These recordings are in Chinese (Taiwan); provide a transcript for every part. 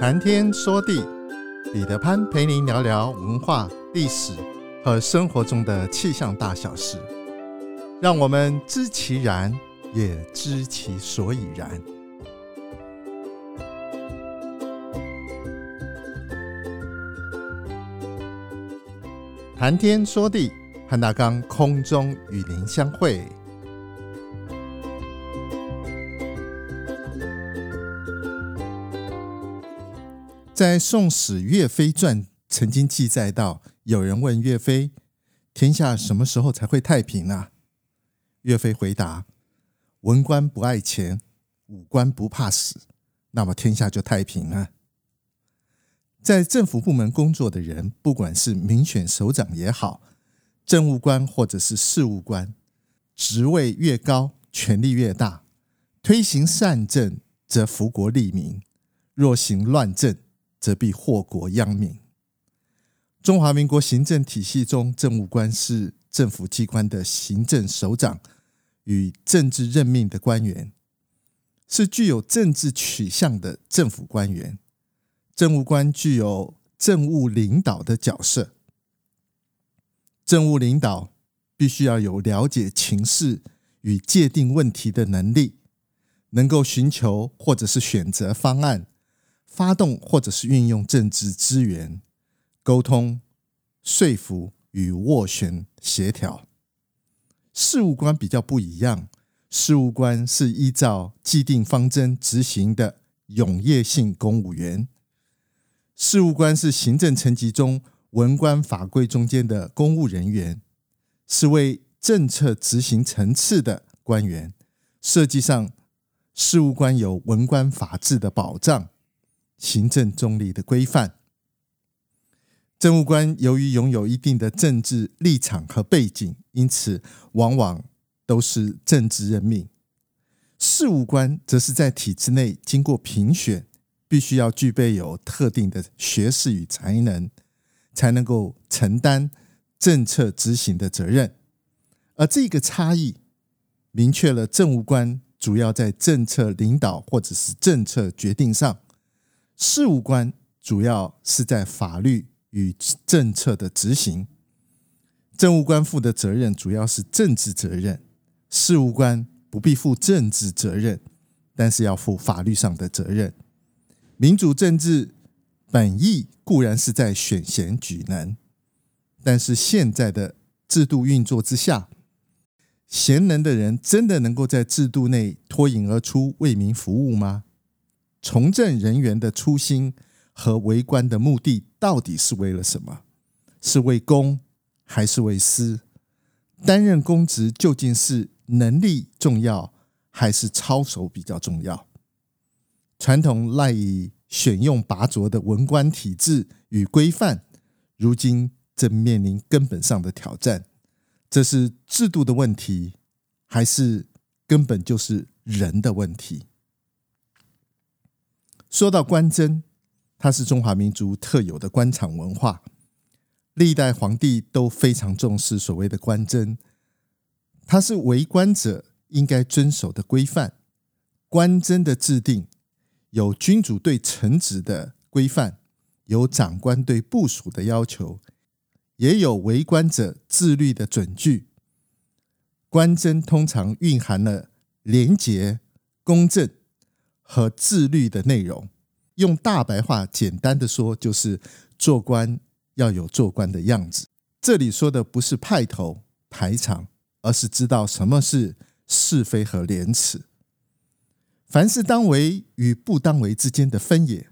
談天說地，彼得潘陪您聊聊文化、歷史和生活中的氣象大小事，讓我們知其然，也知其所以然。談天說地，漢大剛空中與您相會。在《宋史·岳飛傳》曾經記載到，有人問岳飛：“天下什麼時候才會太平啊？”岳飛回答：“文官不愛錢，武官不怕死，那麼天下就太平了。”在政府部門工作的人，不管是民選首長也好，政務官或者是事務官，職位越高，權力越大。推行善政，則福國利民；若行亂政，則必禍國殃民。中華民國行政體系中，政務官是政府機關的行政首長與政治任命的官員，是具有政治取向的政府官員。政務官具有政務領導的角色，政務領導必須要有了解情勢與界定問題的能力，能夠尋求或者是選擇方案。發動或者是運用政治資源、溝通、說服與斡旋、協調。事務官比較不一樣，事務官是依照既定方針執行的永業性公務員。事務官是行政層級中文官法規中間的公務人員，是為政策執行層次的官員。設計上，事務官有文官法制的保障，行政中立的規範，政務官由於擁有一定的政治立場和背景，因此往往都是政治任命；事務官則是在體制內經過評選，必須要具備有特定的學識與才能，才能夠承擔政策執行的責任。而這個差異明確了政務官主要在政策領導或者是政策決定上。事務官主要是在法律與政策的執行，政務官負的責任主要是政治責任，事務官不必負政治責任，但是要負法律上的責任。民主政治本意固然是在選賢舉能，但是現在的制度運作之下，賢能的人真的能夠在制度內脫穎而出為民服務嗎？從政人員的初心和為官的目的到底是為了什麼？是為公還是為私？擔任公職究竟是能力重要還是操守比較重要？傳統賴以選用拔擢的文官體制與規範，如今正面臨根本上的挑戰。這是制度的問題，還是根本就是人的問題？說到官箴，它是中華民族特有的官場文化。歷代皇帝都非常重視所謂的官箴，它是為官者應該遵守的規範。官箴的制定，有君主對臣子的規範，有長官對部屬的要求，也有為官者自律的準據。官箴通常蘊含了廉潔、公正。和自律的內容，用大白話簡單的說，就是做官要有做官的樣子。這裡說的不是派頭排場，而是知道什麼是是非和廉恥。凡是當為與不當為之間的分野，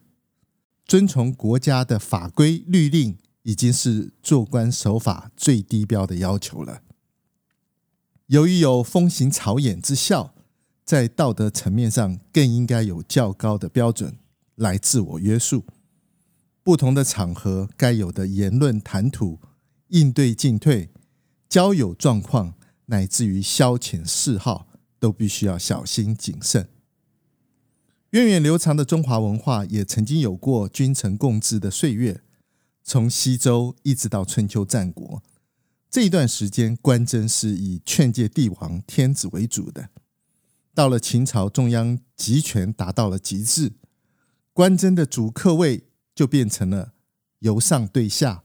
遵從國家的法規律令，已經是做官守法最低標的要求了。由於有風行草偃之效。在道德層面上，更應該有較高的標準來自我約束。不同的場合，該有的言論、談吐、應對、進退、交友狀況，乃至於消遣嗜好，都必須要小心謹慎。源遠流長的中華文化也曾經有過君臣共治的歲月，從西周一直到春秋戰國這一段時間，官箴是以勸誡帝王天子為主的。到了秦朝，中央集權達到了極致，官箴的主客位就變成了由上對下，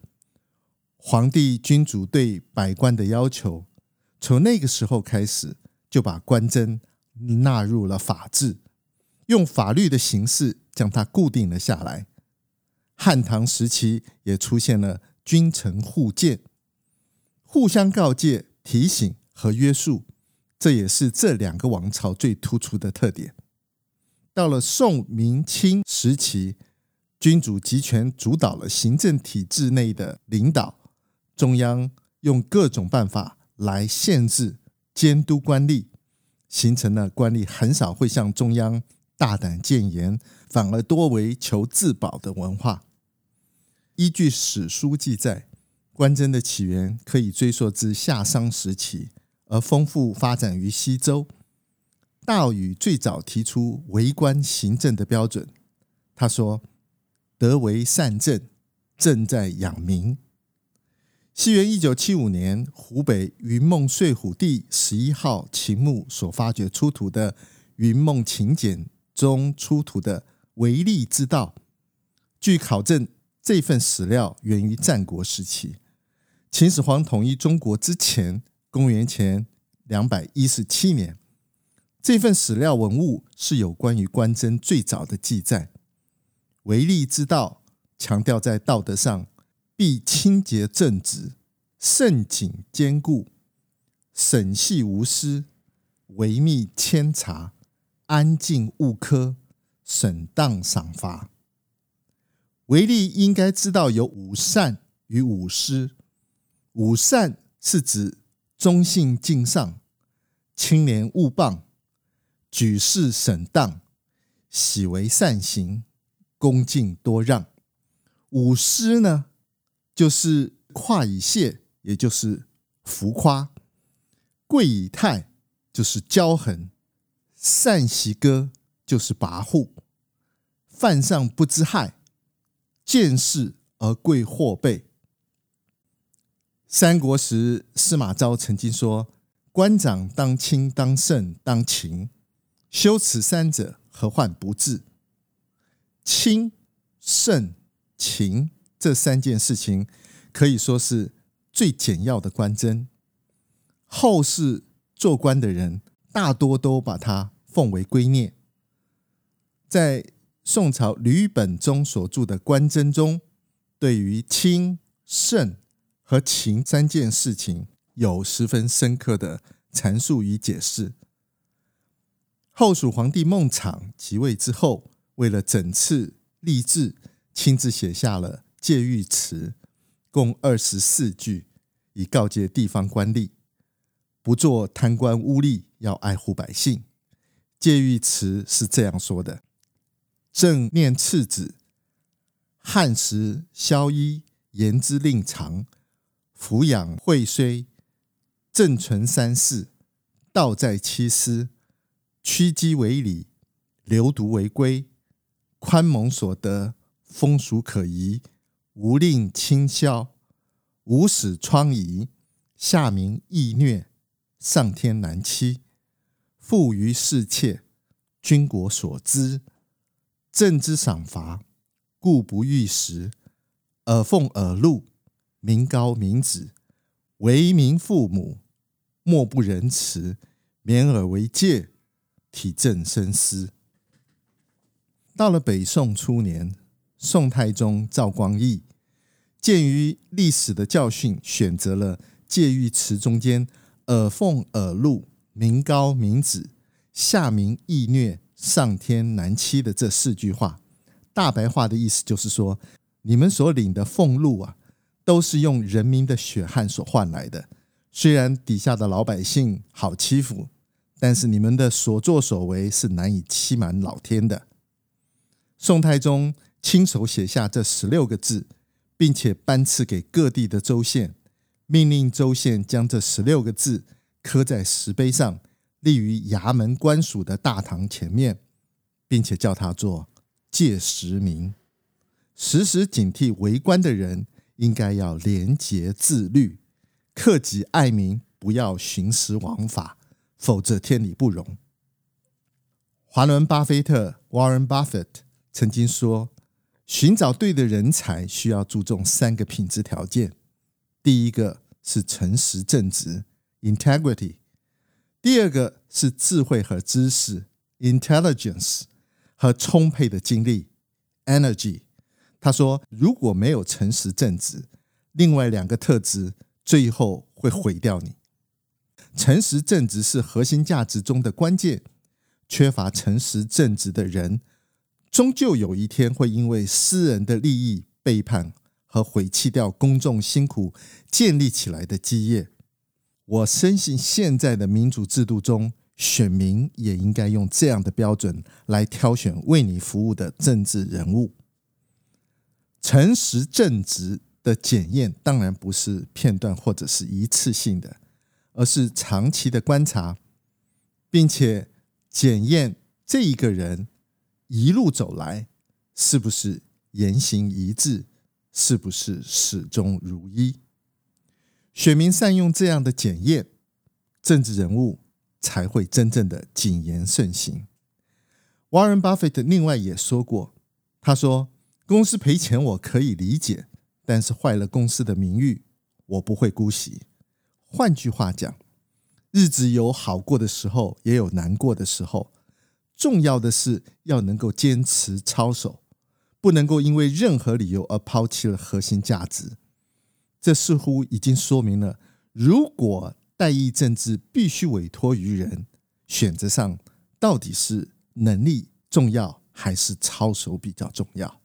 皇帝君主對百官的要求。從那個時候開始，就把官箴納入了法治，用法律的形式將它固定了下來。漢唐時期也出現了君臣互鑒，互相告誡、提醒和約束。這也是這兩個王朝最突出的特點。到了宋、明、清時期，君主集權主導了行政體制內的領導，中央用各種辦法來限制監督官吏，形成了官吏很少會向中央大膽諫言，反而多為求自保的文化。依據史書記載，官箴的起源可以追溯至夏商時期。而豐富發展於西周，大禹最早提出為官行政的標準。他說：“德惟善政，政在養民。”西元一九七五年，湖北雲夢睡虎地十一號秦墓所發掘出土的雲夢秦簡中出土的為吏之道，據考證，這份史料源於戰國時期，秦始皇統一中國之前。公元前兩百一十七年，這份史料文物是有關於官箴最早的記載。為吏之道，強調在道德上必清潔正直、慎謹堅固、審細無私、微密纖察、安靜務科、審當賞罰。為吏應該知道有五善與五失。五善是指。忠信敬上，清廉勿謗，舉事審當，喜為善行，恭敬多讓。五失呢，就是誇以謝，也就是浮誇；貴以泰，就是驕橫；擅裚割，就是跋扈；犯上不知害，賤士而貴貨貝。三國時司馬昭曾經說：“官長當清，當慎，當勤，修此三者，何患不治？”清、慎、勤這三件事情，可以說是最簡要的官箴。後世做官的人，大多都把它奉為圭臬。在宋朝呂本中所著的《官箴》中，對於清、慎和勤三件事情有十分深刻的闡述與解釋。後蜀皇帝孟昶即位之後，為了整治吏治，親自寫下了《誡諭辭》，共二十四句，以告誡地方官吏，不做貪官污吏，要愛護百姓。《誡諭辭》是這樣說的：“朕念赤子，旰食宵衣，言之令長。”撫養惠綏，政存三世，道在七絲，驅雞為理，留犢為規，寬猛所得，風俗可移，無令侵削，無使瘡痍，下民易虐，上天難欺，賦輿是切，軍國所資，政之賞罰，固不逾時，爾俸爾祿。民膏民脂，為民父母，莫不仁慈，勉爾為戒，體朕深思。到了北宋初年，宋太宗趙光義鑑於歷史的教訓，選擇了誡諭辭中間“爾俸爾祿，民膏民脂，下民易虐，上天難欺”的這四句話。大白話的意思就是說，你們所領的俸祿啊。都是用人民的血汗所換來的。雖然底下的老百姓好欺負，但是你們的所作所為是難以欺瞞老天的。宋太宗親手寫下這十六個字，並且頒賜給各地的州縣，命令州縣將這十六個字刻在石碑上，立於衙門官署的大堂前面，並且叫他做“戒石銘”，時時警惕為官的人。應該要廉潔自律、克己愛民，不要徇私枉法，否則天理不容。華倫巴菲特 （Warren Buffett） 曾經說：“尋找對的人才，需要注重三個品質條件。第一個是誠實正直 （Integrity），第二個是智慧和知識 （Intelligence） 和充沛的精力 （Energy）。”他說：“如果沒有誠實正直，另外兩個特質最後會毀掉你。誠實正直是核心價值中的關鍵。缺乏誠實正直的人，終究有一天會因為私人的利益背叛和毀棄掉公眾辛苦建立起來的基業。我深信，現在的民主制度中，選民也應該用這樣的標準來挑選為你服務的政治人物。”誠實正直的檢驗當然不是片段或者是一次性的，而是長期的觀察，並且檢驗這一個人一路走來是不是言行一致，是不是始終如一。選民善用這樣的檢驗，政治人物才會真正的謹言慎行。Warren Buffett 另外也說過，他說。公司賠錢我可以理解，但是壞了公司的名譽，我不會姑息。換句話講，日子有好過的時候，也有難過的時候，重要的是要能夠堅持操守，不能夠因為任何理由而拋棄了核心價值。這似乎已經說明了，如果代議政治必須委託於人，選擇上到底是能力重要，還是操守比較重要？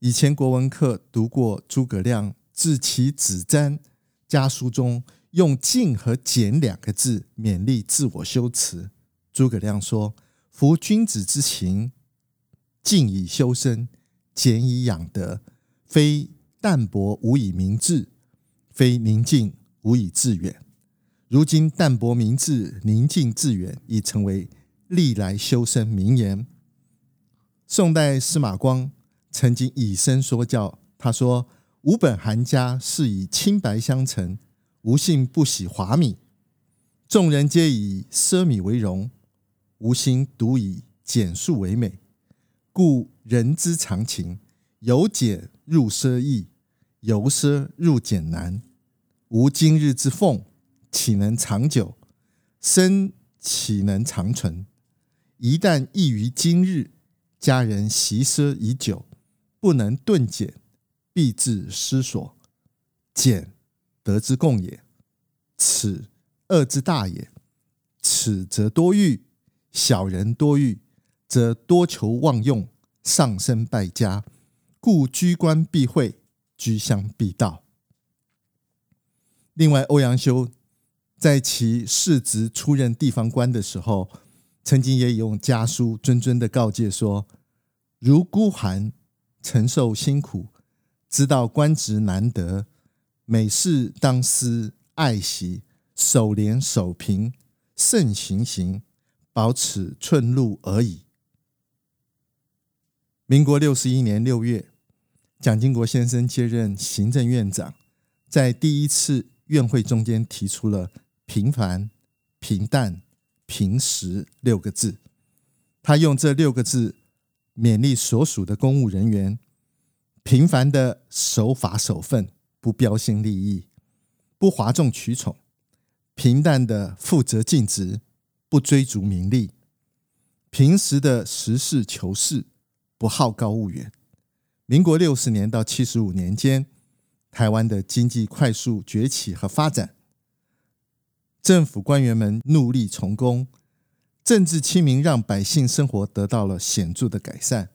以前國文課讀過諸葛亮《致其子瞻家書中》用“靜”和“儉”兩個字勉勵自我修持，諸葛亮說：“夫君子之行，靜以修身，儉以養德。非淡泊無以明志，非寧靜無以致遠。”如今“淡泊明志，寧靜致遠”已成為歷來修身名言。宋代司馬光，曾經以身說教，他說：“吾本寒家，是以清白相承；吾性不喜華靡，眾人皆以奢靡為榮，吾心獨以簡素為美。故人之常情，由儉入奢易，由奢入儉難。吾今日之奉，豈能長久？身豈能長存？一旦異於今日，家人習奢已久。”不能頓儉，必致失所；儉，德之共也；侈，惡之大也。侈則多欲，小人多欲，則多求妄用，上身敗家。故居官必賄，居鄉必盜。另外，歐陽修在其世侄出任地方官的時候，曾經也用家書諄諄的告誡說：“如孤寒。”承受辛苦，知道官職難得，每事當思愛惜，守廉守貧，慎行行，保持寸祿而已。民國六十一年六月，蔣經國先生接任行政院長，在第一次院會中間提出了“平凡、平淡、平實”六個字，他用這六個字。勉勵所屬的公務人員，平凡的守法守分，不標新立異，不嘩眾取寵，平淡的負責盡職，不追逐名利，平實的實事求是，不好高騖遠。民國六十年到七十五年間，台灣的經濟快速崛起和發展，政府官員們努力從公。政治清明，讓百姓生活得到了顯著的改善。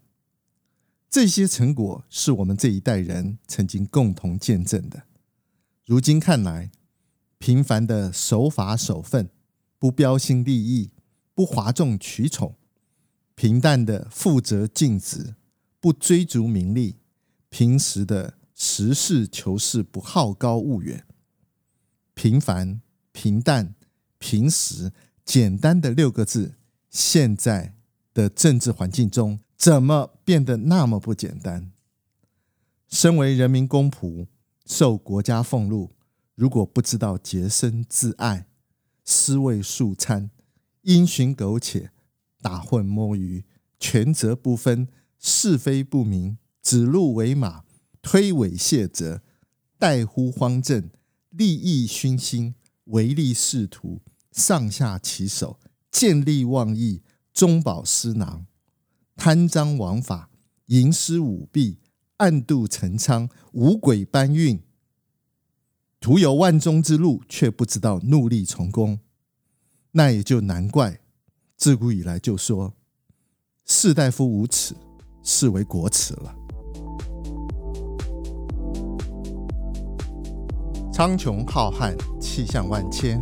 這些成果是我們這一代人曾經共同見證的。如今看來，平凡的守法守分，不標新立異，不嘩眾取寵；平淡的負責盡職，不追逐名利；平實的實事求是，不好高騖遠。平凡、平淡、平實。簡單的六個字，現在的政治環境中怎麼變得那麼不簡單？身為人民公僕，受國家俸祿，如果不知道潔身自愛，尸位素餐，因循苟且，打混摸魚，權責不分，是非不明，指鹿為馬，推諉卸責，怠忽荒政，利益熏心，唯利是圖。上下其手，見利忘義，中飽私囊，貪贓枉法，營私舞弊，暗度陳倉，五鬼搬運，徒有萬中之路，卻不知道努力從公。那也就難怪，自古以來就說士大夫無恥，視為國恥了。蒼穹浩瀚，氣象萬千。